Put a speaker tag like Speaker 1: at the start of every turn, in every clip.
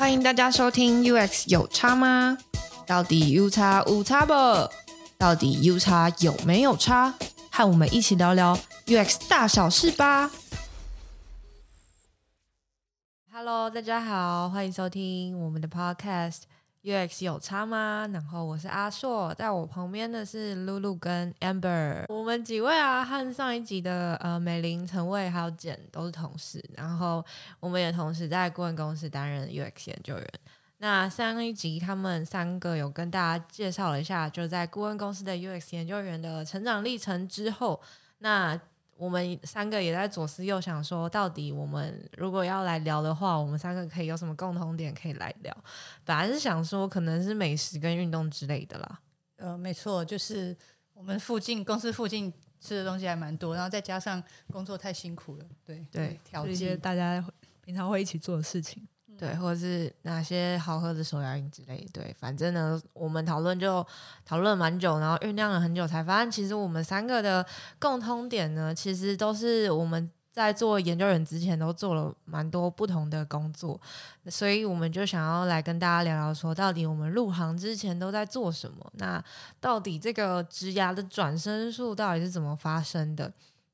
Speaker 1: 歡迎大家收聽 UX 有差嗎？到底 UX 無差不？到底 UX 有沒有差？和我們一起聊聊 UX 大小事吧。Hello，大家好，歡迎收聽我們的 Podcast。UX 有差嗎？然後我是阿碩，在我旁邊的是露露跟 Amber，我們幾位啊，和上一集的呃美玲、陳蔚還有簡都是同事，然後我們也同時在顧問公司擔任 UX 研究員。那上一集他們三個有跟大家介紹了一下，就在顧問公司的 UX 研究員的成長歷程之後，那。我們三個也在左思右想，說到底我們如果要來聊的話，我們三個可以有什麼共同點可以來聊？本來是想說，可能是美食跟運動之類的啦。
Speaker 2: 呃，沒錯，就是我們附近公司附近吃的東西還蠻多，然後再加上工作太辛苦了，對對，調節對挑劇 大
Speaker 1: 家平常會一起做的事情。對，或者是哪些好喝的手搖飲之類，對，反正呢，我們討論就討論蠻久，然後醞釀了很久，才發現其實我們三個的共通點呢，其實都是我們在做研究員之前都做了蠻多不同的工作，所以我們就想要來跟大家聊聊，說到底我們入行之前都在做什麼，那到底這個職涯的轉生術到底是怎麼發生的？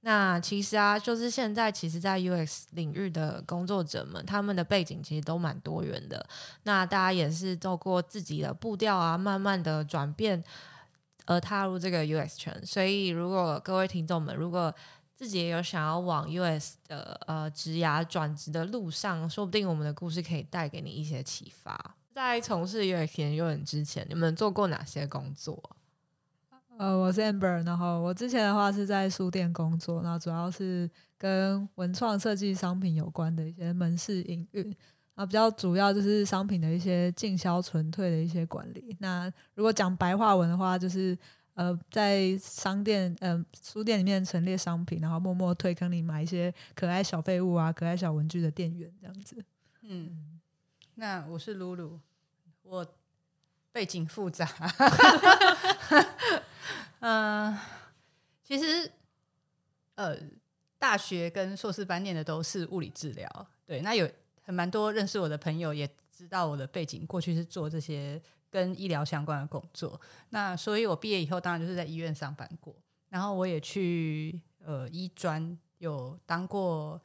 Speaker 1: 那其實啊，就是現在，其實，在 U X 領域的工作者們，他們的背景其實都蠻多元的。那大家也是透過自己的步調啊，慢慢的轉變而踏入這個 U X 圈。所以，如果各位聽眾們，如果自己也有想要往 U X 的呃職涯轉職的路上，說不定我們的故事可以帶給你一些啟發。在從事 U X 研究
Speaker 3: 員之前，你們做過哪些工作？呃，我是 Amber，然後我之前的話是在書店工作，那主要是跟文創設計商品有關的一些門市營運，啊，比較主要就是商品的一些進銷存退的一些管理。那如果講白話文的話，就是呃，在商店，嗯、呃，書店裡面陳列商品，然後默默推坑裡買一些可愛小廢物啊、可愛小文具的店員
Speaker 2: 這樣子。嗯，嗯，那我是 Lulu，我背景複雜。 呃，大學跟碩士班念的都是物理治療。對，那有很蠻多認識我的朋友也知道我的背景，過去是做這些跟醫療相關的工作。那所以，我畢業以後當然就是在醫院上班過，然後我也去呃醫專有當過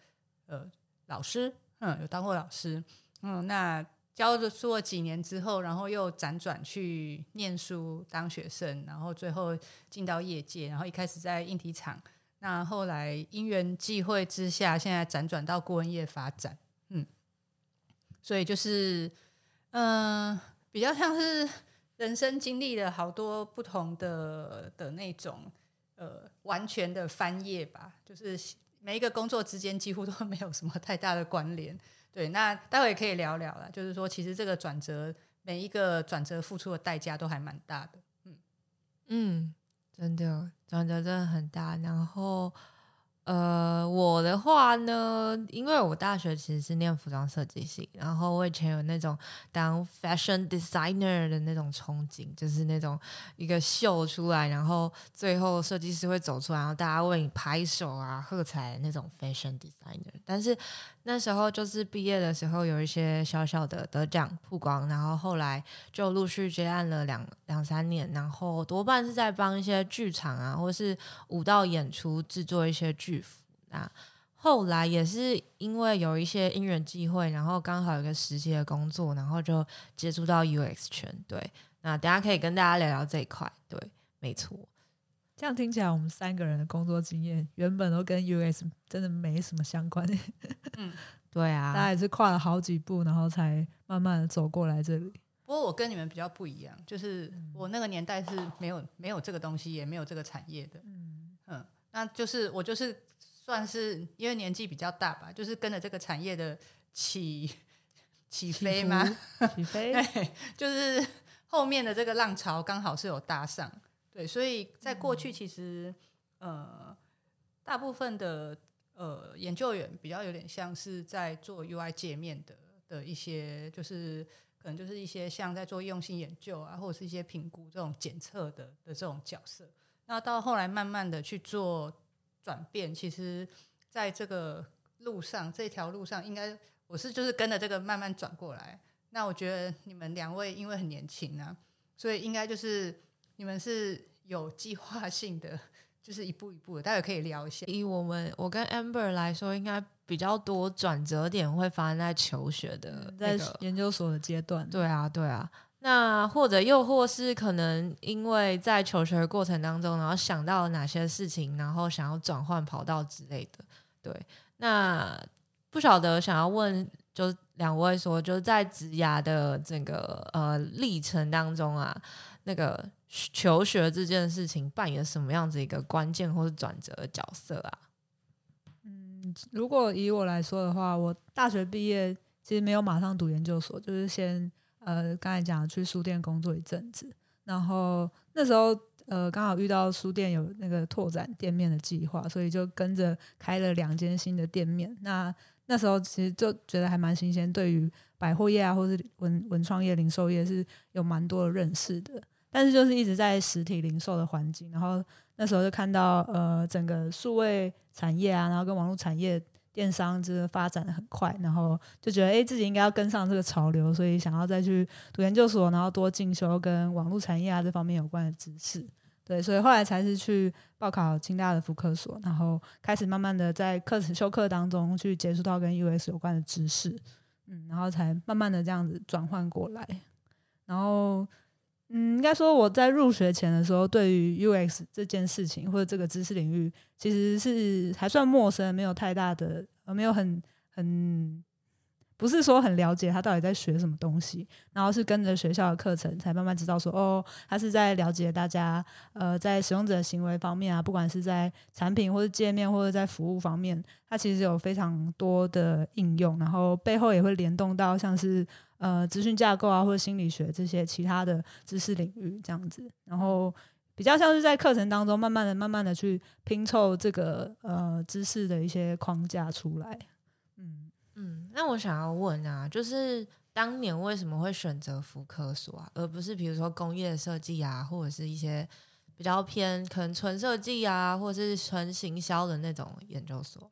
Speaker 2: 呃老師，嗯，有當過老師，嗯，那教了做幾年之後，然後又輾轉去念書當學生，然後最後進到業界，然後一開始在硬體廠。那後來因緣際會之下，現在輾轉到顧問業發展，嗯，所以就是，嗯，比較像是人生經歷了好多不同的的那種，呃，完全的翻頁吧，就是每一個工作之間幾乎都沒有什麼太大的關聯。對，那待會也可以聊聊了，就是說其實這個轉折，每一個轉折付出的代價都還蠻大的，嗯
Speaker 1: 嗯，真的。轉折真的很大，然後，呃，我的話呢，因為我大學其實是念服裝設計系，然後我以前有那種當 fashion designer 的那種憧憬，就是那種一個秀出來，然後最後設計師會走出來，然後大家為你拍手啊、喝彩的那種 fashion designer，但是。那時候就是畢業的時候有一些小小的得獎曝光，然後後來就陸續接案了兩兩三年，然後多半是在幫一些劇場啊或是舞蹈演出制作一些劇服。那後來也是因為有一些因緣際會，然後剛好有個實習的工作，然後就接觸到 UX 圈。對，那等下可以跟大家聊聊這一塊。對，沒錯。
Speaker 3: 這樣聽起來，我們三個人的工作經驗原本都跟 UX 真的沒什麼相關。嗯，對啊，大家也是跨了好幾步，然後才慢慢地走過來這裡。
Speaker 2: 不過我跟你們比較不一樣，就是我那個年代是沒有、嗯、沒有這個東西，也沒有這個產業的。嗯嗯，那就是我就是算是因為年紀比較大吧，就是跟着這個產業的起起飛嗎？起飛 對，就是後面的這個浪潮剛好是有搭上。對，所以在過去其實，呃，大部分的呃，研究員比較有點像是在做 UI 界面的的一些，就是可能就是一些像在做用心研究啊，或者是一些評估這種檢測的的這種角色。那到後來慢慢的去做轉變，其實在這個路上，這條路上應該我是就是跟着這個慢慢轉過來。那我覺得你們兩位因為很年輕啊，所以應該就是。你們是有計劃性的，就是一步一步的，大家可以聊一下，以我們
Speaker 1: 我跟 Amber 來說，應該比較多轉折點會發生在求學的，在研究所的階段。對啊，對啊。那或者又或是可能因為在求學的過程當中，然後想到哪些事情，然後想要轉換跑道之類的。對，那不曉得想要問就兩位說，就是在職涯的這個呃歷程當中啊，那個。求學這件事情扮演什麼樣子一個關鍵或是轉折的角色啊？嗯，
Speaker 3: 如果以我來說的話，我大學畢業其實沒有馬上讀研究所，就是先呃剛才講的去書店工作一陣子，然後那時候呃剛好遇到書店有那個拓展店面的計劃，所以就跟着開了兩間新的店面。那那時候其實就覺得還蠻新鮮，對於百貨業啊，或是文文創業、零售業是有蠻多的認識的。但是就是一直在實體零售的環境，然後那時候就看到呃整個數位產業啊，然後跟網絡產業、電商就是發展的很快，然後就覺得誒自己應該要跟上這個潮流，所以想要再去讀研究所，然後多進修跟網絡產業啊這方面有關的知識。對，所以後來才是去報考清大的服科所，然後開始慢慢的在課程修課當中去接觸到跟 UX 有關的知識，嗯，然後才慢慢的這樣子轉換過來，然後。嗯，應該說我在入學前的時候，對於 UX 這件事情或者這個知識領域，其實是還算陌生，沒有太大的，呃，沒有很很。不是說很了解他到底在學什麼東西，然後是跟着學校的課程才慢慢知道說，哦，他是在了解大家呃，在使用者行為方面啊，不管是在產品或者界面或者在服務方面，它其實有非常多的應用，然後背後也會聯動到像是呃資訊架構啊或者心理學這些其他的知識領域這樣子，然後比較像是在課程當中慢慢的、慢慢的去拼湊這個呃知識的一些框架出來。
Speaker 1: 那我想要問啊，就是當年為什麼會選擇服科所啊，而不是比如說工業設計啊，或者是一些比較偏可能純設計啊，或者是純行銷的那種研究所？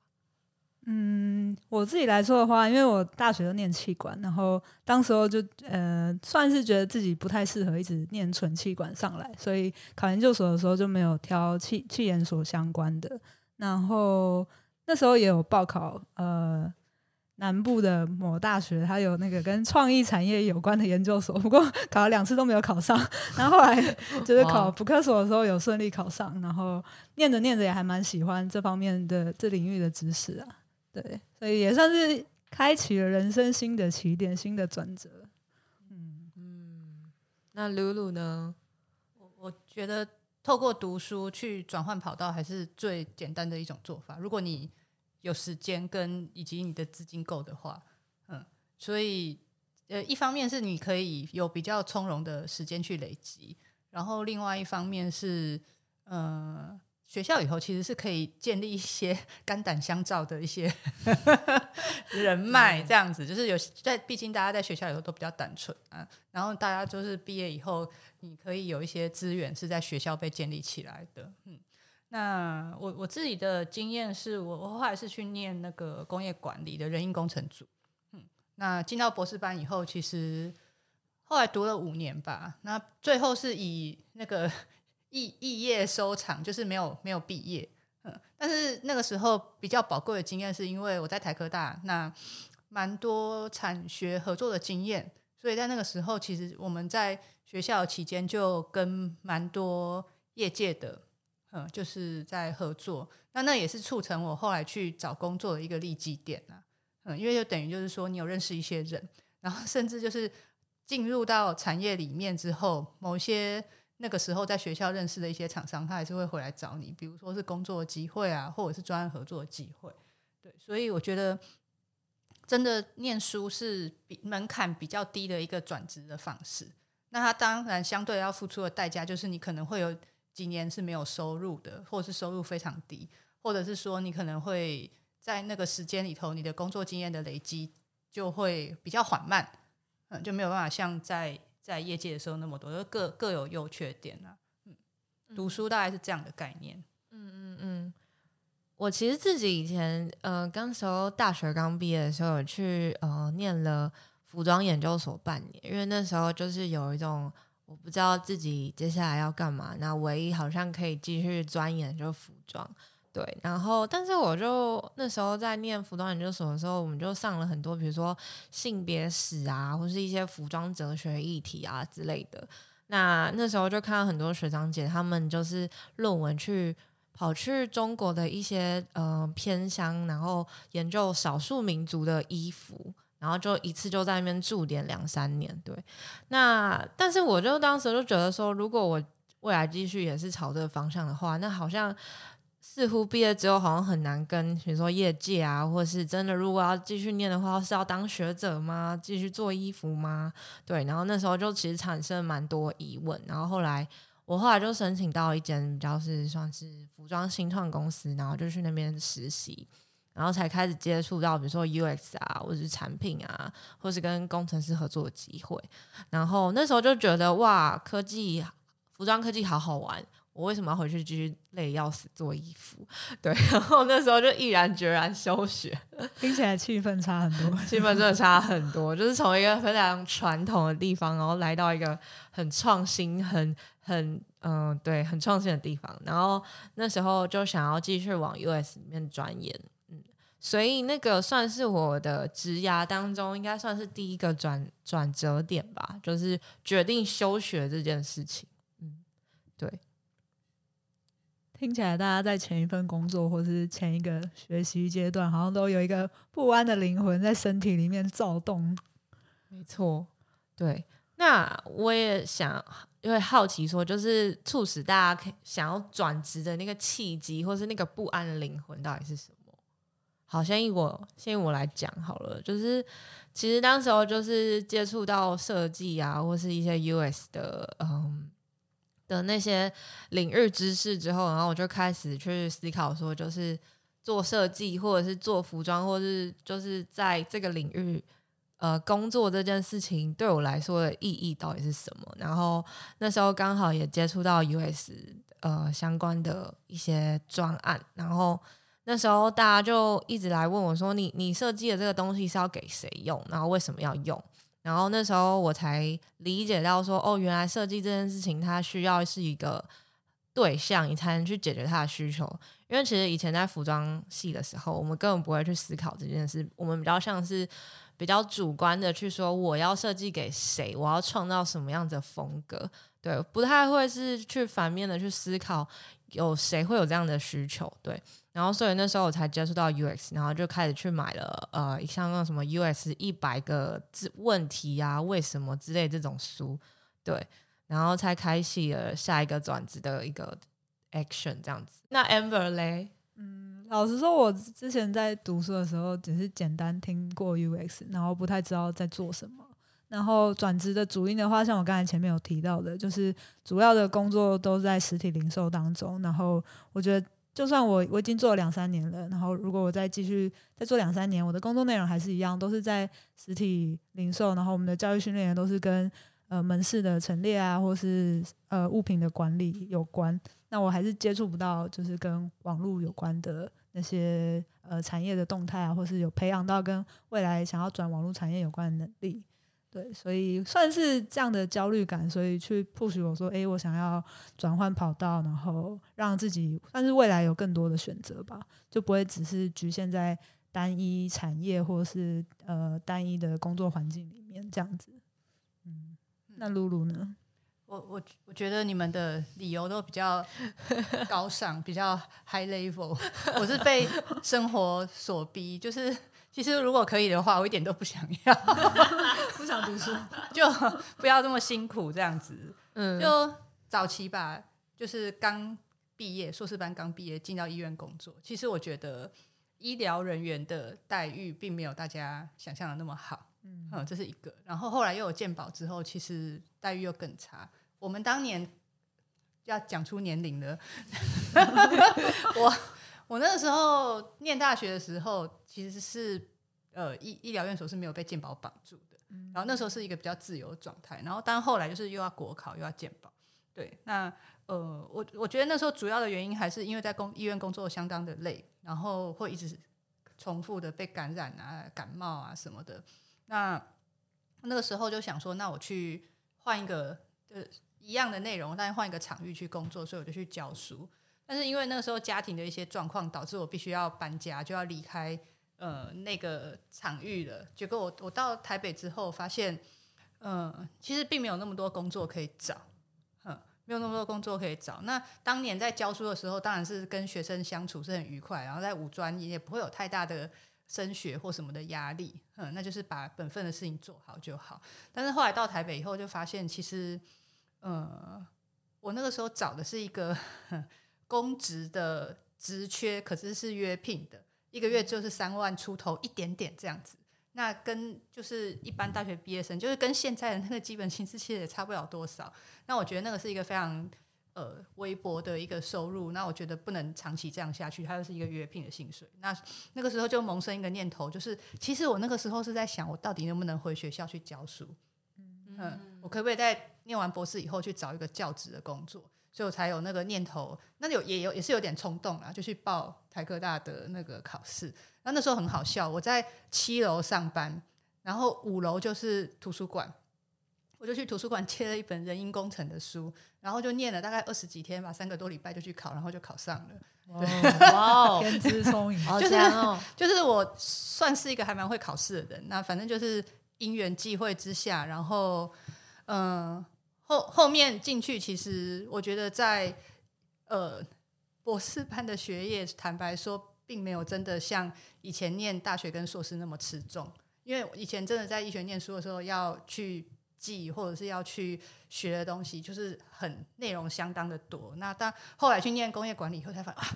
Speaker 3: 嗯，我自己來說的話，因為我大學都念企管，然後當時候就呃算是覺得自己不太適合一直念純企管上來，所以考研究所的時候就沒有挑企企研所相關的。然後那時候也有報考呃。南部的某大學，它有那個跟創意產業有關的研究所，不過考了兩次都沒有考上。然後後來就是考補課所的時候有順利考上，然後念着念着也還蠻喜歡這方面的這領域的知識啊，對，所以也算是開啟了人生新的起點、新的轉折。
Speaker 2: 嗯嗯，那 Lulu 呢？我覺得透過讀書去轉換跑道，還是最簡單的一種做法。如果你。有時間跟以及你的資金夠的話，嗯，所以呃，一方面是你可以有比較從容的時間去累積，然後另外一方面是，嗯、呃，學校以後其實是可以建立一些肝膽相照的一些 人脈，這樣子、嗯、就是有在，畢竟大家在學校以後都比較單純啊，然後大家就是畢業以後，你可以有一些資源是在學校被建立起來的，嗯。那我我自己的經驗是，我我後來是去念那個工業管理的人因工程組，嗯，那進到博士班以後，其實後來讀了五年吧，那最後是以那個肄肄業收場，就是沒有沒有畢業，嗯。但是那個時候比較寶貴的經驗，是因為我在台科大，那蠻多產學合作的經驗，所以在那個時候，其實我們在學校期間就跟蠻多業界的。嗯，就是在合作，那那也是促成我後來去找工作的一個利基點呢、啊。嗯，因為就等於就是說，你有認識一些人，然後甚至就是進入到產業裡面之後，某些那個時候在學校認識的一些廠商，他還是會回來找你，比如說是工作機會啊，或者是專案合作機會。對，所以我覺得真的念書是比門檻比較低的一個轉職的方式。那他當然相對要付出的代價，就是你可能會有。幾年是沒有收入的，或者是收入非常低，或者是說你可能會在那個時間裡頭，你的工作經驗的累積就會比較緩慢，嗯，就沒有辦法像在在業界的時候那麼多，就各各有優缺點啊。嗯，讀書大概是這樣的概念。嗯
Speaker 1: 嗯嗯，我其實自己以前呃，剛時候大學剛畢業的時候去呃，念了服裝研究所半年，因為那時候就是有一種。我不知道自己接下來要幹嘛，那唯一好像可以繼續鑽研就是服裝，對，然後但是我就那時候在念服裝研究所的時候，我們就上了很多比如說性別史啊，或是一些服裝哲學議題啊之類的。那那時候就看到很多學長姐他們就是論文去跑去中國的一些呃偏鄉，然後研究少數民族的衣服。然後就一次就在那邊駐點兩三年，對。那但是我就當時就覺得說，如果我未來繼續也是朝這個方向的話，那好像似乎畢業之後好像很難跟，比如說業界啊，或是真的如果要繼續念的話，是要當學者嗎？繼續做衣服嗎？對。然後那時候就其實產生蠻多疑問。然後後來我後來就申請到一間比較是算是服裝新創公司，然後就去那邊實習。然後才開始接觸到，比如說 UX 啊，或者是產品啊，或是跟工程師合作的機會。然後那時候就覺得哇，科技服裝科技好好玩，我為什麼要回去繼續累得要死做衣服？對，然後那時候就毅然決然休學。
Speaker 3: 聽起來氣氛差很多，
Speaker 1: 氣氛真的差很多，就是從一個非常傳統的地方，然後來到一個很創新、很很嗯、呃、對，很創新的地方。然後那時候就想要繼續往 UX 裡面鑽研。所以那個算是我的職涯當中，應該算是第一個轉轉折點吧，就是決定休學這件事情。嗯，對。
Speaker 3: 聽起來大家在前一份工作或是前一個學習階段，好像都有一個不安的靈魂在身體裡面躁動。沒錯，對。
Speaker 1: 那我也想因為好奇說，就是促使大家想要轉職的那個契機，或是那個不安的靈魂，到底是什麼？好，先以我先以我來講好了，就是其實當時候就是接觸到設計啊，或是一些 UX 的嗯的那些領域知識之後，然後我就開始去思考說，就是做設計或者是做服裝，或者是就是在這個領域呃工作這件事情，對我來說的意義到底是什麼？然後那時候剛好也接觸到 UX 呃相關的一些專案，然後。那時候大家就一直來問我，說你你設計的這個東西是要給誰用？然後為什麼要用？然後那時候我才理解到說，說哦，原來設計這件事情它需要是一個對象，你才能去解決它的需求。因為其實以前在服裝系的時候，我們根本不會去思考這件事，我們比較像是比較主觀的去說我要設計給誰，我要創造什麼樣的風格，對，不太會是去反面的去思考有誰會有這樣的需求，對。然後，所以那時候我才接觸到 UX，然後就開始去買了呃，像那種什麼 UX 一百個之問題啊，為什麼之類的這種書，對，然後才開啟了下一個轉職的一個 action 這樣子。
Speaker 3: 那 Amber 嘞？嗯，老實說，我之前在讀書的時候只是簡單聽過 UX，然後不太知道在做什麼。然後轉職的主因的話，像我剛才前面有提到的，就是主要的工作都在實體零售當中，然後我覺得。就算我我已經做了兩三年了，然後如果我再繼續再做兩三年，我的工作內容還是一樣，都是在實體零售，然後我們的教育訓練也都是跟呃門市的陳列啊，或是呃物品的管理有關。那我還是接觸不到，就是跟網絡有關的那些呃產業的動態啊，或是有培養到跟未來想要轉網絡產業有關的能力。對，所以算是這樣的焦慮感，所以去 push 我說，哎、欸，我想要轉換跑道，然後讓自己，算是未來有更多的選擇吧，就不會只是局限在單一產業或是呃單一的工作環境裡面這樣子。嗯，那露露呢？
Speaker 2: 我我我覺得你們的理由都比較高尚，比較 high level。我是被生活所逼，就是。其實如果可以的話，我一點都不想要， 不想讀書， 就不要這麼辛苦這樣子。嗯，就早期吧，就是剛畢業，碩士班剛畢業進到醫院工作。其實我覺得醫療人員的待遇並沒有大家想象的那麼好。嗯，嗯，這是一個。然後後來又有健保之後，其實待遇又更差。我們當年要講出年齡了， 我。我那個時候念大學的時候，其實是呃醫醫療院所是沒有被健保綁住的，嗯、然後那時候是一個比較自由的狀態。然後當然後來就是又要國考又要健保，對。那呃，我我覺得那時候主要的原因還是因為在公醫院工作相當的累，然後會一直重複的被感染啊、感冒啊什麼的。那那個時候就想說，那我去換一個呃一樣的內容，但是換一個場域去工作，所以我就去教書。但是因為那個時候家庭的一些狀況，導致我必須要搬家，就要離開呃那個場域了。結果我我到台北之後，發現嗯、呃、其實並沒有那麼多工作可以找，嗯，沒有那麼多工作可以找。那當年在教書的時候，當然是跟學生相處是很愉快，然後在五專也也不會有太大的升學或什麼的壓力，嗯，那就是把本分的事情做好就好。但是後來到台北以後，就發現其實嗯我那個時候找的是一個。公職的職缺，可是是約聘的，一個月就是三萬出頭一點點這樣子。那跟就是一般大學畢業生，就是跟現在的那個基本薪資其實也差不了多少。那我覺得那個是一個非常呃微薄的一個收入。那我覺得不能長期這樣下去，它就是一個約聘的薪水。那那個時候就萌生一個念頭，就是其實我那個時候是在想，我到底能不能回學校去教書？嗯，我可不可以在念完博士以後去找一個教職的工作？就才有那個念頭，那有也有也是有點衝動啦，就去報台科大的那個考試。那那時候很好笑，我在七樓上班，然後五樓就是圖書館，我就去圖書館借了一本人因工程的書，然後就念了大概二十幾天吧，三個多禮拜就去考，然後就考上了。哇，天資聰穎，就是就是我算是一個還蠻會考試的人。那反正就是因緣際會之下，然後嗯。呃後後面進去，其實我覺得在呃博士班的學業，坦白說，並沒有真的像以前念大學跟碩士那麼吃重。因為以前真的在醫學念書的時候，要去記或者是要去學的東西，就是很內容相當的多。那當後來去念工業管理以後，才發現啊，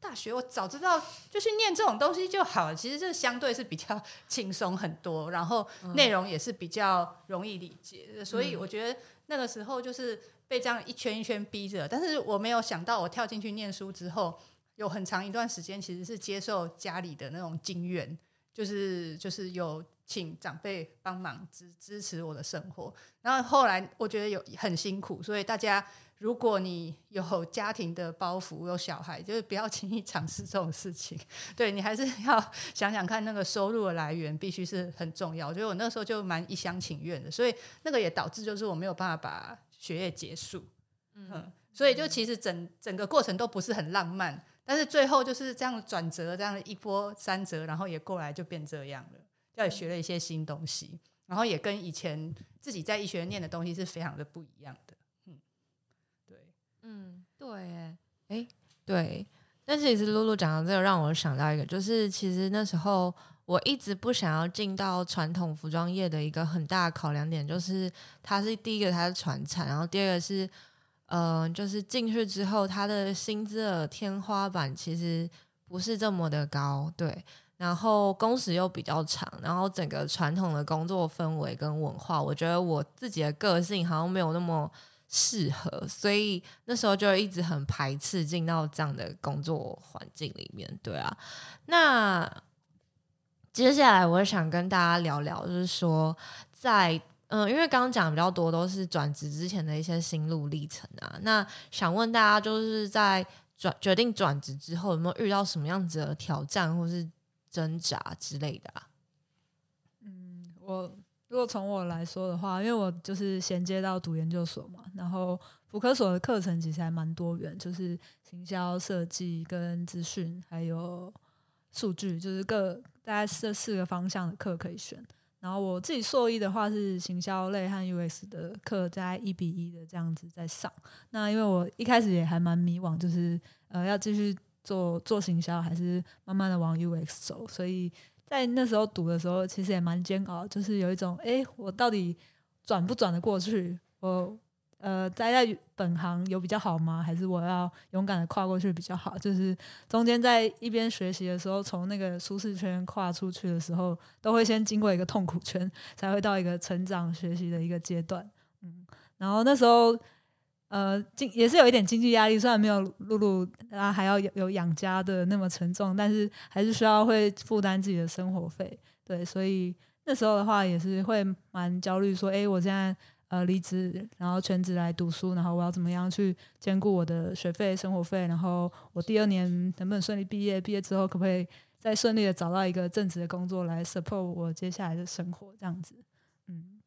Speaker 2: 大學我早知道就去念這種東西就好了。其實這相對是比較輕鬆很多，然後內容也是比較容易理解。嗯、所以我覺得。那個時候就是被這樣一圈一圈逼着，但是我沒有想到，我跳進去念書之後，有很長一段時間其實是接受家裡的那種經援，就是就是有請長輩幫忙支支持我的生活，然後後來我覺得有很辛苦，所以大家。如果你有家庭的包袱，有小孩，就是不要輕易嘗試這種事情。對你還是要想想看，那個收入的來源必須是很重要。我覺得我那時候就蠻一廂情願的，所以那個也導致就是我沒有辦法把學業結束。嗯，嗯，所以就其實整整個過程都不是很浪漫，但是最後就是這樣轉折，這樣一波三折，然後也過來就變這樣了。就也學了一些新東西，然後也跟以前自己在醫學院念的東西是非常的不一樣的。嗯，對，誒，對，但是也是
Speaker 1: Lulu 講到這個，讓我想到一個，就是其實那時候我一直不想要進到傳統服裝業的一個很大的考量點，就是它是第一個它是傳產，然後第二個是，嗯、呃，就是進去之後它的薪資的天花板其實不是這麼的高，對，然後工時又比較長，然後整個傳統的工作氛圍跟文化，我覺得我自己的個性好像沒有那麼。適合，所以那時候就一直很排斥進到這樣的工作環境裡面，對啊。那接下來我想跟大家聊聊，就是說在嗯，因為剛剛講的比較多都是轉職之前的一些心路歷程啊。那想問大家，就是在轉決定轉職之後，有沒有遇到什麼樣子的挑戰或是掙扎之類的啊？嗯，
Speaker 3: 我。如果從我來說的話，因為我就是銜接到讀研究所嘛，然後福科所的課程其實還蠻多元，就是行銷設計跟資訊還有數據，就是各大概四四個方向的課可以選。然後我自己碩一的話是行銷類和 UX 的課，在一比一的這樣子在上。那因為我一開始也還蠻迷惘，就是呃要繼續做做行銷，還是慢慢的往 UX 走，所以。在那時候讀的時候，其實也蠻煎熬，就是有一種，哎、欸，我到底轉不轉得過去？我呃，待在本行有比較好嗎？還是我要勇敢的跨過去比較好？就是中間在一邊學習的時候，從那個舒適圈跨出去的時候，都會先經過一個痛苦圈，才會到一個成長、學習的一個階段。嗯，然後那時候。呃，經也是有一點經濟壓力，雖然沒有 Lulu、啊，啊還要有有養家的那麼沉重，但是還是需要會負擔自己的生活費，對，所以那時候的話也是會蠻焦慮，說，誒，我現在呃離職，然後全職來讀書，然後我要怎麼樣去兼顧我的學費、生活費，然後我第二年能不能順利畢業？畢業之後可不可以再順利的找到一個正職的工作來 support 我接下來的生活，這樣子，嗯，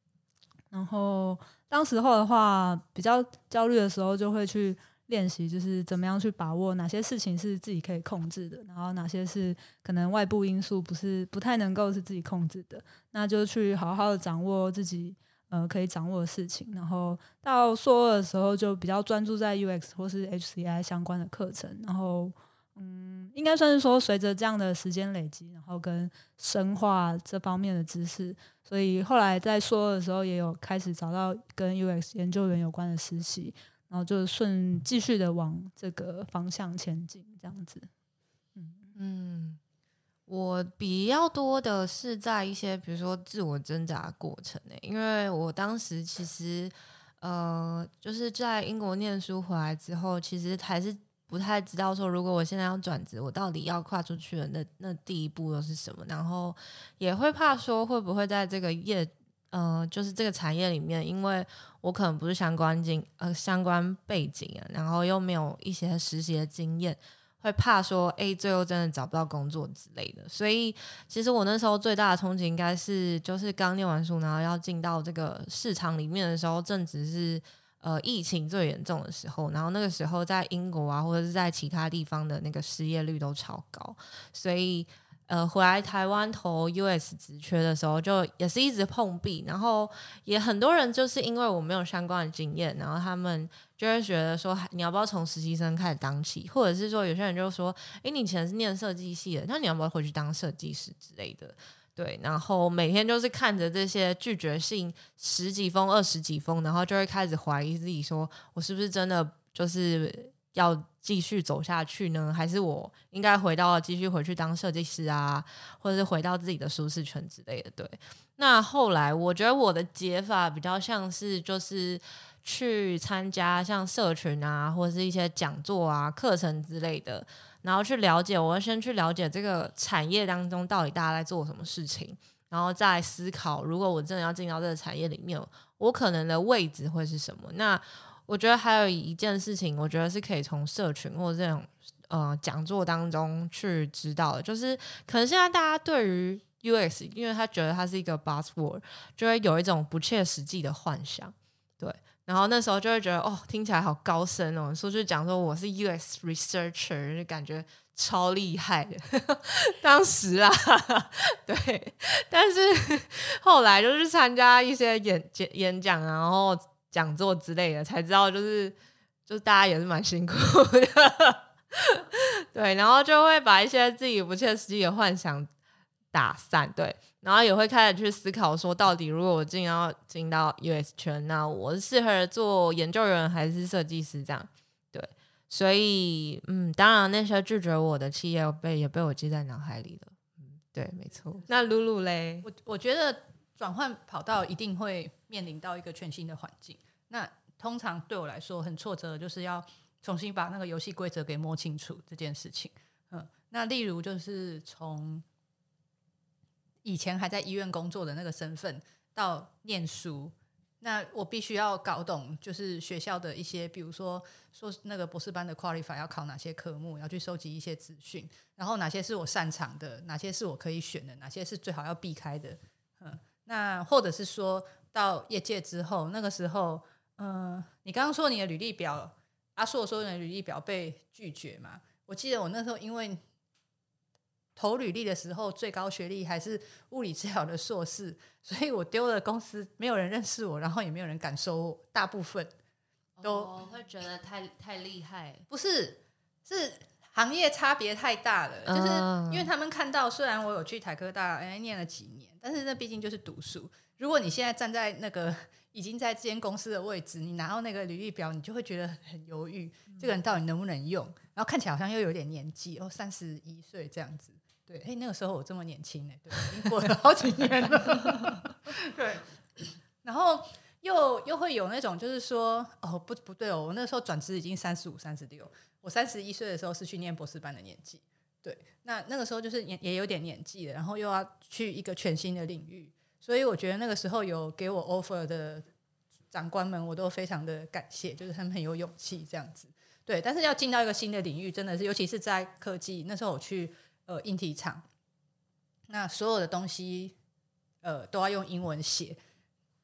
Speaker 3: 然後。當時候的話，比較焦慮的時候，就會去練習，就是怎麼樣去把握哪些事情是自己可以控制的，然後哪些是可能外部因素不是不太能夠是自己控制的，那就去好好的掌握自己呃可以掌握的事情。然後到碩二的時候，就比較專注在 UX 或是 HCI 相關的課程，然後。嗯，應該算是說，隨着這樣的時間累積，然後跟深化這方面的知識，所以後來在說的時候，也有開始找到跟 UX 研究員有關的實習，然後就順繼續的往這個方向前進，這樣子。嗯，嗯，我比較多的是在一些，比如說
Speaker 1: 自我掙扎的過程、欸、因為我當時其實呃，就是在英國念書回來之後，其實還是。不太知道說，如果我現在要轉職，我到底要跨出去的，那那第一步又是什麼？然後也會怕說，會不會在這個業，呃，就是這個產業裡面，因為我可能不是相關經呃，相關背景，啊，然後又沒有一些實習的經驗，會怕說，哎，最後真的找不到工作之類的。所以，其實我那時候最大的憧憬，應該是就是剛念完書，然後要進到這個市場裡面的時候，正值是。呃，疫情最嚴重的時候，然後那個時候在英國啊，或者是在其他地方的那個失業率都超高，所以呃，回來台灣投 UX 職缺的時候，就也是一直碰壁，然後也很多人就是因為我沒有相關的經驗，然後他們就會覺得說，你要不要從實習生開始當起，或者是說有些人就說，誒，你以前是念設計系的，那你要不要回去當設計師之類的。對，然後每天就是看着這些拒絕信十幾封、二十幾封，然後就會開始懷疑自己，說我是不是真的就是要繼續走下去呢？還是我應該回到繼續回去當設計師啊，或者是回到自己的舒適圈之類的？對，那後來我覺得我的解法比較像是就是去參加像社群啊，或者是一些講座啊、課程之類的。然後去了解，我要先去了解這個產業當中到底大家在做什麼事情，然後再思考，如果我真的要進到這個產業裡面，我可能的位置會是什麼？那我覺得還有一件事情，我覺得是可以從社群或這種呃講座當中去知道的，就是可能現在大家對於 UX，因為他覺得它是一個 buzzword，就會有一種不切實際的幻想，對。然後那時候就會覺得哦，聽起來好高深哦。所以就講說我是 UX researcher，就感覺超厲害的呵呵。當時啊，對。但是後來就是參加一些演演演講然後講座之類的，才知道就是就是大家也是蠻辛苦的呵呵。對，然後就會把一些自己不切實際的幻想打散。對。然後也會開始去思考，說到底，如果我進要進到 UX 圈，那我是適合做研究員還是設計師？這樣對，所以嗯，當然那些拒絕我的企業被也被我記在腦海裡了。嗯，對，沒錯。
Speaker 2: 那 Lulu 嘞，我我覺得轉換跑道一定會面臨到一個全新的環境。那通常對我來說很挫折，就是要重新把那個遊戲規則給摸清楚這件事情。嗯，那例如就是從。以前還在醫院工作的那個身份到念書，那我必須要搞懂就是學校的一些，比如說說那個博士班的 qualify 要考哪些科目，要去收集一些資訊，然後哪些是我擅長的，哪些是我可以選的，哪些是最好要避開的。嗯，那或者是說到業界之後，那個時候，嗯、呃，你剛剛說你的履歷表，阿碩說你的履歷表被拒絕嘛？我記得我那時候因為。投履歷的時候，最高學歷還是物理治療的碩士，所以我丟了公司，沒有人認識我，然後也沒有人敢收我。大部分都、哦、會覺得太太厲害，不是，是行業差別太大了，嗯、就是因為他們看到，雖然我有去台科大哎、欸、念了幾年，但是那畢竟就是讀書。如果你現在站在那個已經在這間公司的位置，你拿到那個履歷表，你就會覺得很猶豫，嗯、這個人到底能不能用？然後看起來好像又有點年紀，哦，三十一歲這樣子。對，哎，那個時候我這麼年輕呢，對，已經過了好幾年了。 對，然後又又會有那種，就是說，哦，不，不對哦，我那時候轉職已經三十五、三十六，我三十一歲的時候是去念博士班的年紀。對，那那個時候就是也也有點年紀了，然後又要去一個全新的領域，所以我覺得那個時候有給我 offer 的長官們，我都非常的感謝，就是他們很很有勇氣這樣子。對，但是要進到一個新的領域，真的是，尤其是在科技，那時候我去。呃，硬體廠那所有的東西呃都要用英文寫，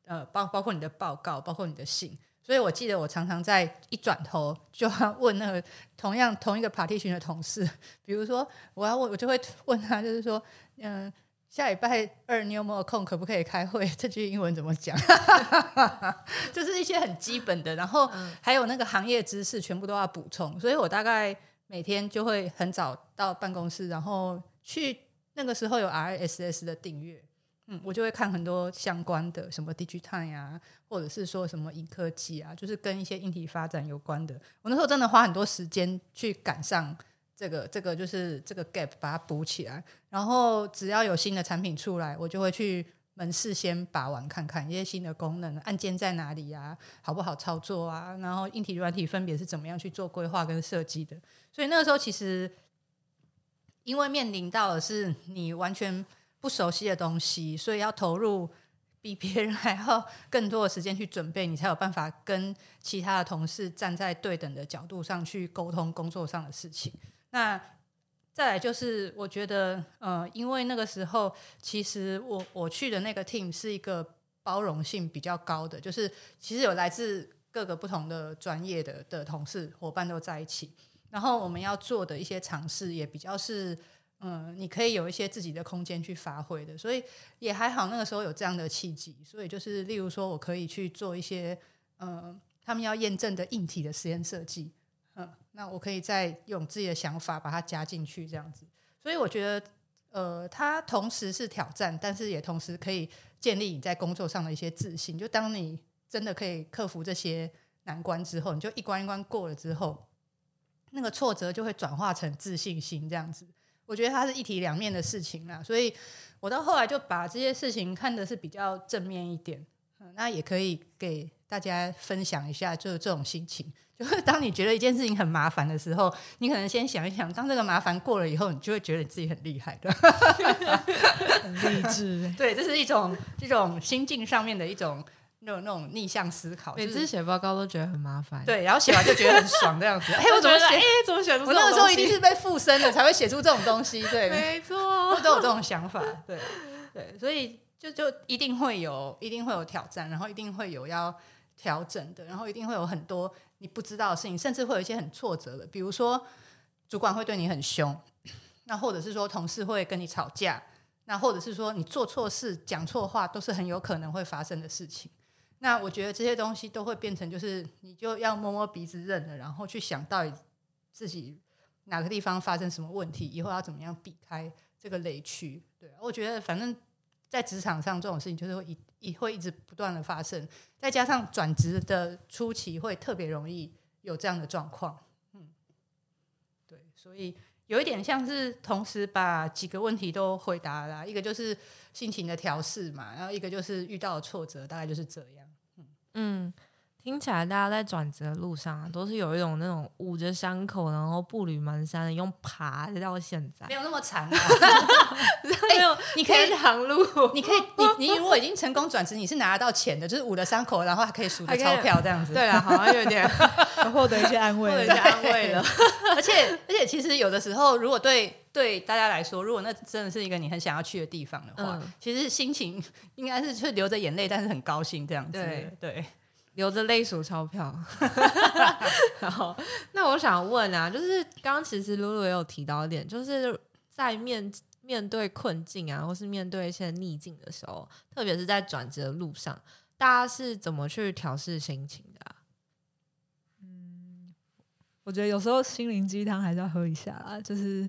Speaker 2: 呃，包包括你的報告，包括你的信。所以我記得我常常在一轉頭就要問那個同樣同一個 partition 的同事，比如說我要問，我就會問他，就是說，嗯、呃，下禮拜二你有沒有空，可不可以開會？這句英文怎麼講？ 就是一些很基本的，然後還有那個行業知識全部都要補充，所以我大概。每天就會很早到辦公室，然後去那個時候有 RSS 的訂閱，嗯，我就會看很多相關的什麼 Digital 呀，或者是說什麼癮科技啊，就是跟一些硬體發展有關的。我那時候真的花很多時間去趕上這個這個就是這個 gap 把它補起來，然後只要有新的產品出來，我就會去。我們事先把玩看看，一些新的功能，按鍵在哪裡呀、啊？好不好操作啊？然後硬體軟體分別是怎麼樣去做規劃跟設計的。所以那個時候其實，因為面臨到的是你完全不熟悉的東西，所以要投入比別人還要更多的時間去準備，你才有辦法跟其他的同事站在對等的角度上去溝通工作上的事情。那再來就是，我覺得，呃，因為那個時候，其實我我去的那個 team 是一個包容性比較高的，就是其實有來自各個不同的專業的的同事伙伴都在一起，然後我們要做的一些嘗試也比較是，嗯、呃，你可以有一些自己的空間去發揮的，所以也還好，那個時候有這樣的契機，所以就是，例如說我可以去做一些，嗯、呃，他們要驗證的硬體的實驗設計。嗯，那我可以再用自己的想法把它加進去，這樣子。所以我覺得，呃，它同時是挑戰，但是也同時可以建立你在工作上的一些自信。就當你真的可以克服這些難關之後，你就一關一關過了之後，那個挫折就會轉化成自信心，這樣子。我覺得它是一體兩面的事情啦。所以我到後來就把這些事情看得是比較正面一點。那也可以給大家分享一下，就這種心情，就是當你覺得一件事情很麻煩的時候，你可能先想一想，當這個麻煩過了以後，你就會覺得你自己很厲害的， 很勵志。對，這是一種這種心境上面的一種那種那種逆向思考。每次寫
Speaker 1: 報告都覺得很麻煩，
Speaker 3: 對，然後寫完就覺得很爽這樣子。哎， 我怎麼寫？哎、欸，
Speaker 2: 怎麼寫？我那個時候一定是被附身了，才會寫出這種東西。對，沒錯，我都，都有這種想法。對，對，所以。就就一定會有，一定會有挑戰，然後一定會有要調整的，然後一定會有很多你不知道的事情，甚至會有一些很挫折的，比如說主管會對你很兇，那或者是說同事會跟你吵架，那或者是說你做錯事、講錯話，都是很有可能會發生的事情。那我覺得這些東西都會變成，就是你就要摸摸鼻子認了，然後去想到自己哪個地方發生什麼問題，以後要怎麼樣避開這個雷區。對，我覺得反正。在職場上這種事情就是會一一、會一直不斷的發生，再加上轉職的初期會特別容易有這樣的狀況。嗯，對，所以有一點像是同時把幾個問題都回答了，一個就是心情的調適嘛，然後一個就是遇到的挫折，大概就是這樣。嗯。
Speaker 1: 嗯聽起來大家在轉職的路上啊，都是有一種那種捂着傷口，然後步履蹣跚的，用爬直到現
Speaker 2: 在，沒有那麼慘、啊。沒有，你可以讓路，你可以，堂 你以你，你如果已經成功轉職，你是拿得到錢的，就是捂着傷口，然後還可以數着鈔票這樣子。對啊，好像有點
Speaker 3: 獲得一些安慰，獲 得一些安慰了。
Speaker 2: 對 而且，而且其實有的時候，如果對對大家來說，如果那真的是一個你很想要去的地方的話，嗯、其實心情應該是是流着眼淚，但是很高興這樣子。對。對留着淚數鈔票， 然
Speaker 1: 後那我想問啊，就是剛，剛其實 Lulu 也有提到一點，就是在面面對困境啊，或是面對一些逆境的時候，特別是在轉職的路上，大家是怎麼去調適心情的、
Speaker 3: 啊？嗯，我覺得有時候心靈雞湯還是要喝一下啦，就是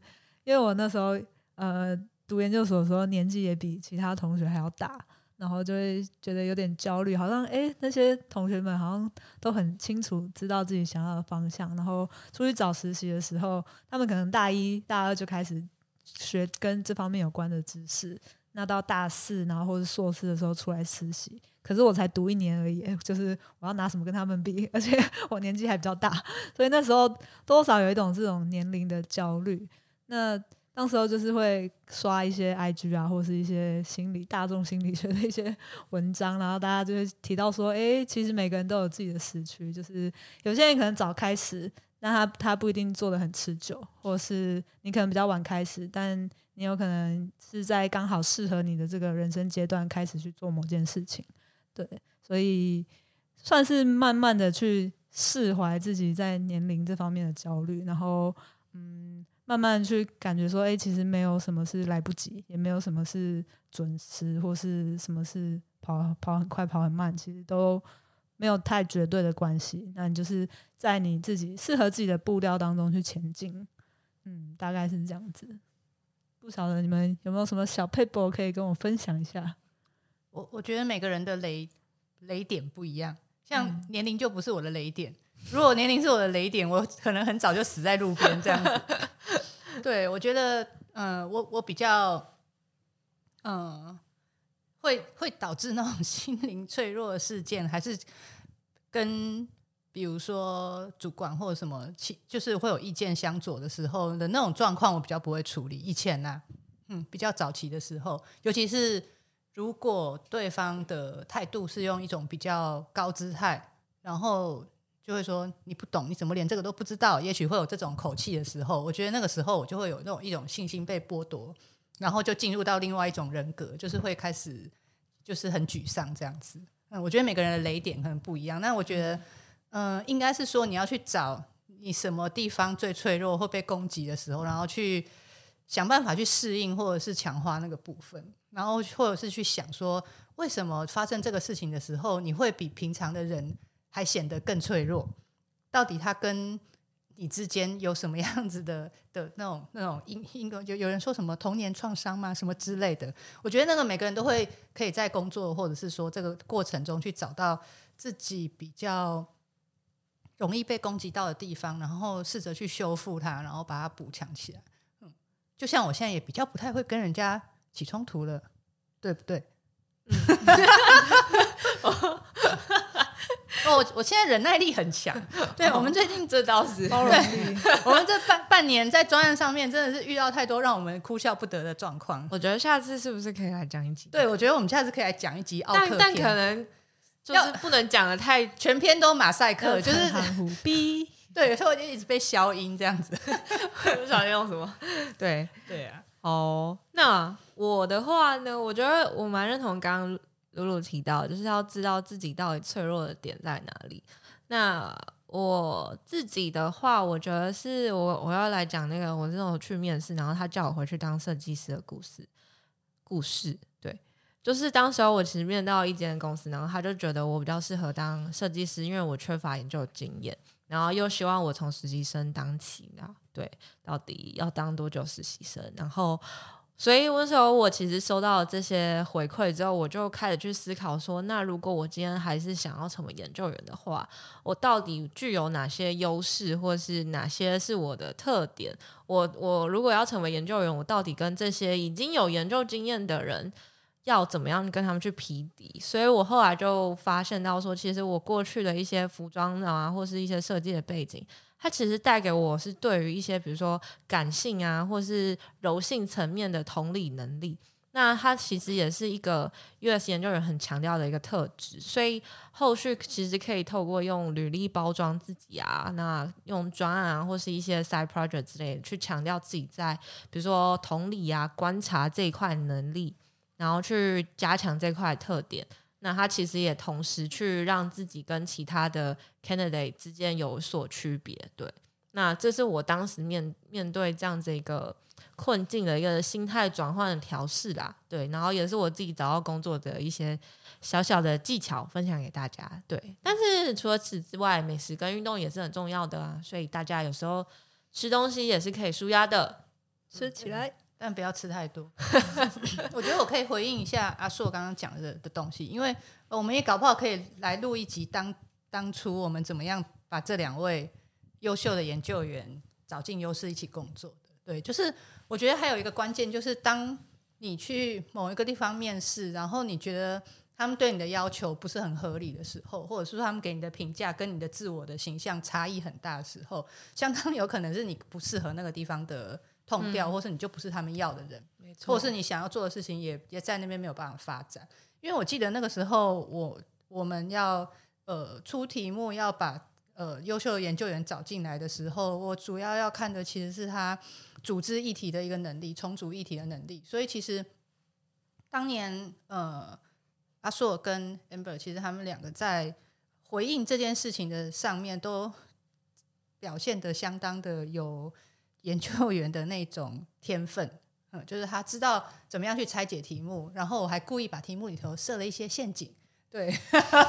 Speaker 3: 因為我那時候呃讀研究所的時候，年紀也比其他同學還要大。然後就會覺得有點焦慮，好像哎，那些同學們好像都很清楚知道自己想要的方向，然後出去找實習的時候，他們可能大一大二就開始學跟這方面有關的知識，那到大四然後或是碩士的時候出來實習，可是我才讀一年而已，就是我要拿什麼跟他們比？而且我年紀還比較大，所以那時候多少有一種這種年齡的焦慮。那那時候就是會刷一些 IG 啊，或是一些心理、大眾心理學的一些文章，然後大家就會提到說，誒、欸，其實每個人都有自己的時區，就是有些人可能早開始，但他他不一定做得很持久，或是你可能比較晚開始，但你有可能是在剛好適合你的這個人生階段開始去做某件事情，對，所以算是慢慢的去釋懷自己在年齡這方面的焦慮，然後，嗯。慢慢去感覺說，誒、欸，其實沒有什麼是來不及，也沒有什麼是準時，或是什麼是跑跑很快、跑很慢，其實都沒有太絕對的關係。那你就是在你自己適合自己的步調當中去前進，嗯，大概是這樣子。不曉得你們有沒有什麼小撇步可以跟我分享一下？
Speaker 2: 我我覺得每個人的雷雷點不一樣，像年齡就不是我的雷點。嗯如果年齡是我的雷點，我可能很早就死在路邊這樣子。 對，我覺得，嗯、呃，我我比較，嗯、呃，會會導致那種心靈脆弱的事件，還是跟比如說主管或者什麼，就是會有意見相左的時候的那種狀況，我比較不會處理。以前呢、啊，嗯，比較早期的時候，尤其是如果對方的態度是用一種比較高姿態，然後。就會說你不懂，你怎麼連這個都不知道？也許會有這種口氣的時候，我覺得那個時候我就會有那種一種信心被剝奪，然後就進入到另外一種人格，就是會開始就是很沮喪這樣子。嗯，我覺得每個人的雷點可能不一樣。那我覺得，嗯、呃，應該是說你要去找你什麼地方最脆弱或被攻擊的時候，然後去想辦法去適應，或者是強化那個部分，然後或者是去想說為什麼發生這個事情的時候，你會比平常的人。還顯得更脆弱。到底他跟你之間有什麼樣子的的那種那種因，因，個有有人說什麼童年創傷嗎？什麼之類的？我覺得那個每個人都會可以在工作或者是說這個過程中去找到自己比較容易被攻擊到的地方，然後試着去修復它，然後把它補強起來。嗯，就像我現在也比較不太會跟人家起衝突了，對不對？嗯。哦，我現在忍耐力很強。對，我們最近這倒是包容。我們這半半年在專案上面真的是遇到太多讓我們哭笑不得的狀況。我覺得下次是不是可以來講一集？對，我覺得我們下次可以來講一集奧客。但但可能就是不能講得太全篇都馬賽克，就是嗶。對，所以我就一直被消音這樣子。不知道用什麼。對
Speaker 3: 對
Speaker 1: 啊。哦，那我的話呢？我覺得我蠻認同剛剛。露露提到，就是要知道自己到底脆弱的點在哪裡。那我自己的話，我覺得是我我要來講那個，我這種去面試，然後他叫我回去當設計師的故事。故事對，就是當時候我其實面到一間公司，然後他就覺得我比較適合當設計師，因為我缺乏研究經驗，然後又希望我從實習生當起。對，到底要當多久實習生？然後。所以，那時候我其實收到這些回饋之後，我就開始去思考說，那如果我今天還是想要成為研究員的話，我到底具有哪些優勢，或是哪些是我的特點我？我我如果要成為研究員，我到底跟這些已經有研究經驗的人要怎麼樣跟他們去匹敵？所以我後來就發現到說，其實我過去的一些服裝啊，或是一些設計的背景。它其實帶給我是對於一些比如說感性啊，或是柔性層面的同理能力。那它其實也是一個 UX 研究人員很強調的一個特質，所以後續其實可以透過用履歷包裝自己啊，那用專案啊，或是一些 side project 之類，去強調自己在比如說同理啊、觀察這一塊能力，然後去加強這塊特點。那他其實也同時去讓自己跟其他的 candidate 之間有所區別，對。那這是我當時面面對這樣子一個困境的一個心態轉換的調適啦，對。然後也是我自己找到工作的一些小小的技巧分享給大家，對。但是除了此之外，美食跟運動也是很重要的啊，所以大家有時候吃東西也是可以舒壓的，
Speaker 2: 吃起來。嗯但不要吃太多。 我覺得我可以回應一下阿碩剛剛講的的東西，因為我們也搞不好可以來錄一集當，當當初我們怎麼樣把這兩位優秀的研究員找進悠識一起工作。對，就是我覺得還有一個關鍵，就是當你去某一個地方面試，然後你覺得他們對你的要求不是很合理的時候，或者是他們給你的評價跟你的自我的形象差異很大的時候，相當有可能是你不適合那個地方的。碰掉，或是你就不是他們要的人，嗯，沒錯。或是你想要做的事情也也在那邊沒有辦法發展。因為我記得那個時候我，我我們要呃出題目要把呃優秀的研究員找進來的時候，我主要要看的其實是他組織議題的一個能力，重組議題的能力。所以其實當年呃阿碩跟 amber 其實他們兩個在回應這件事情的上面都表現得相當的有研究員的那種天分，嗯，就是他知道怎麼樣去拆解題目，然後我還故意把題目裡頭設了一些陷阱。
Speaker 3: 對，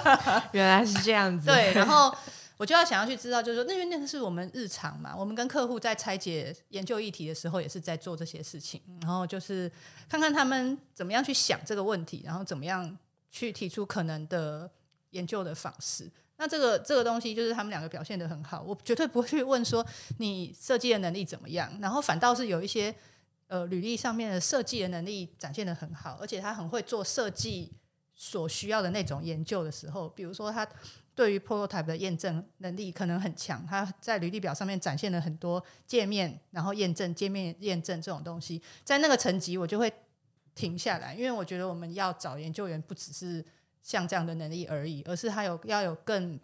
Speaker 2: 原來是這樣子。對，然後我就要想要去知道，就是說，那因為那個是我們日常嘛，我們跟客戶在拆解研究議題的時候，也是在做這些事情，然後就是看看他們怎麼樣去想這個問題，然後怎麼樣去提出可能的研究的方式。那這個這個東西就是他們兩個表現得很好，我絕對不會去問說你設計的能力怎麼樣，然後反倒是有一些呃履歷上面的設計的能力展現得很好，而且他很會做設計所需要的那種研究的時候，比如說他對於 prototype 的驗證能力可能很強，他在履歷表上面展現了很多界面，然後驗證界面驗證這種東西，在那個層級我就會停下來，因為我覺得我們要找研究員不只是。像這樣的能力而已，而是他有要有更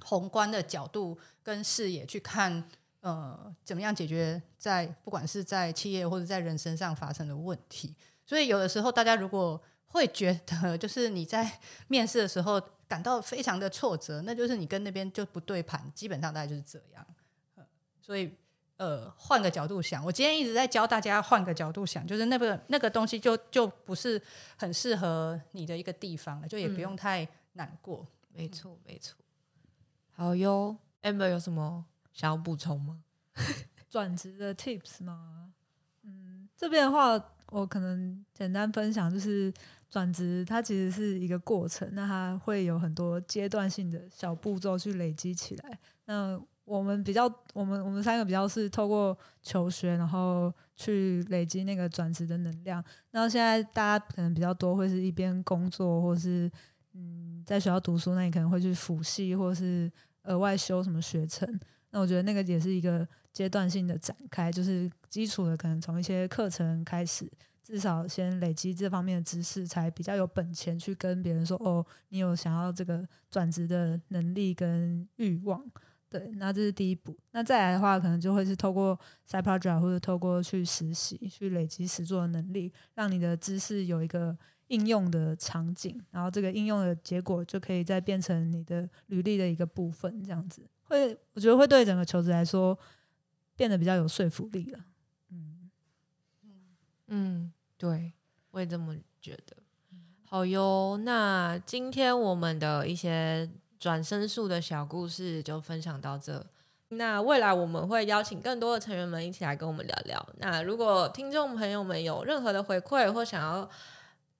Speaker 2: 宏觀的角度跟視野去看，呃，怎麼樣解決在不管是在企業或者在人身上發生的問題。所以有的時候大家如果會覺得，就是你在面試的時候感到非常的挫折，那就是你跟那邊就不對盤，基本上大概就是這樣。所以。呃，換個角度想，我今天一直在教大家換個角度想，就是那個那個東西就就不是很適合你的一個地
Speaker 3: 方了，就也不用太難過。嗯嗯、沒錯，沒錯。
Speaker 2: 好喲
Speaker 1: Amber 有什麼想要補充嗎？
Speaker 3: 轉職 的 Tips 嗎？嗯，這邊的話，我可能簡單分享，就是轉職它其實是一個過程，那它會有很多階段性的小步驟去累積起來。那我們比較，我們我們三個比較是透過求學，然後去累積那個轉職的能量。那現在大家可能比較多會是一邊工作，或是嗯在學校讀書，那你可能會去輔系，或是額外修什麼學程。那我覺得那個也是一個階段性的展開，就是基礎的可能從一些課程開始，至少先累積這方面的知識，才比較有本錢去跟別人說：“哦，你有想要這個轉職的能力跟欲望。”對，那這是第一步。那再來的話，可能就會是透過 side project 或者透過去實習，去累積實作的能力，讓你的知識有一個應用的場景。然後這個應用的結果，就可以再變成你的履歷的一個部分，這樣子會，我覺得會對整個求職來說變得比較有說服力了。嗯嗯嗯，對，我也這麼覺得。好喲，那
Speaker 1: 今天我們的一些。轉生術的小故事就分享到這。那未來我們會邀請更多的成員們一起來跟我們聊聊。那如果聽眾朋友們有任何的回饋或想要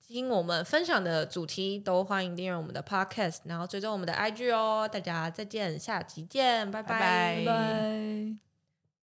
Speaker 1: 聽我們分享的主題，都歡迎訂閱我們的 Podcast，然後追蹤我們的 IG 哦。大家再見，下期見，拜拜拜拜。拜拜。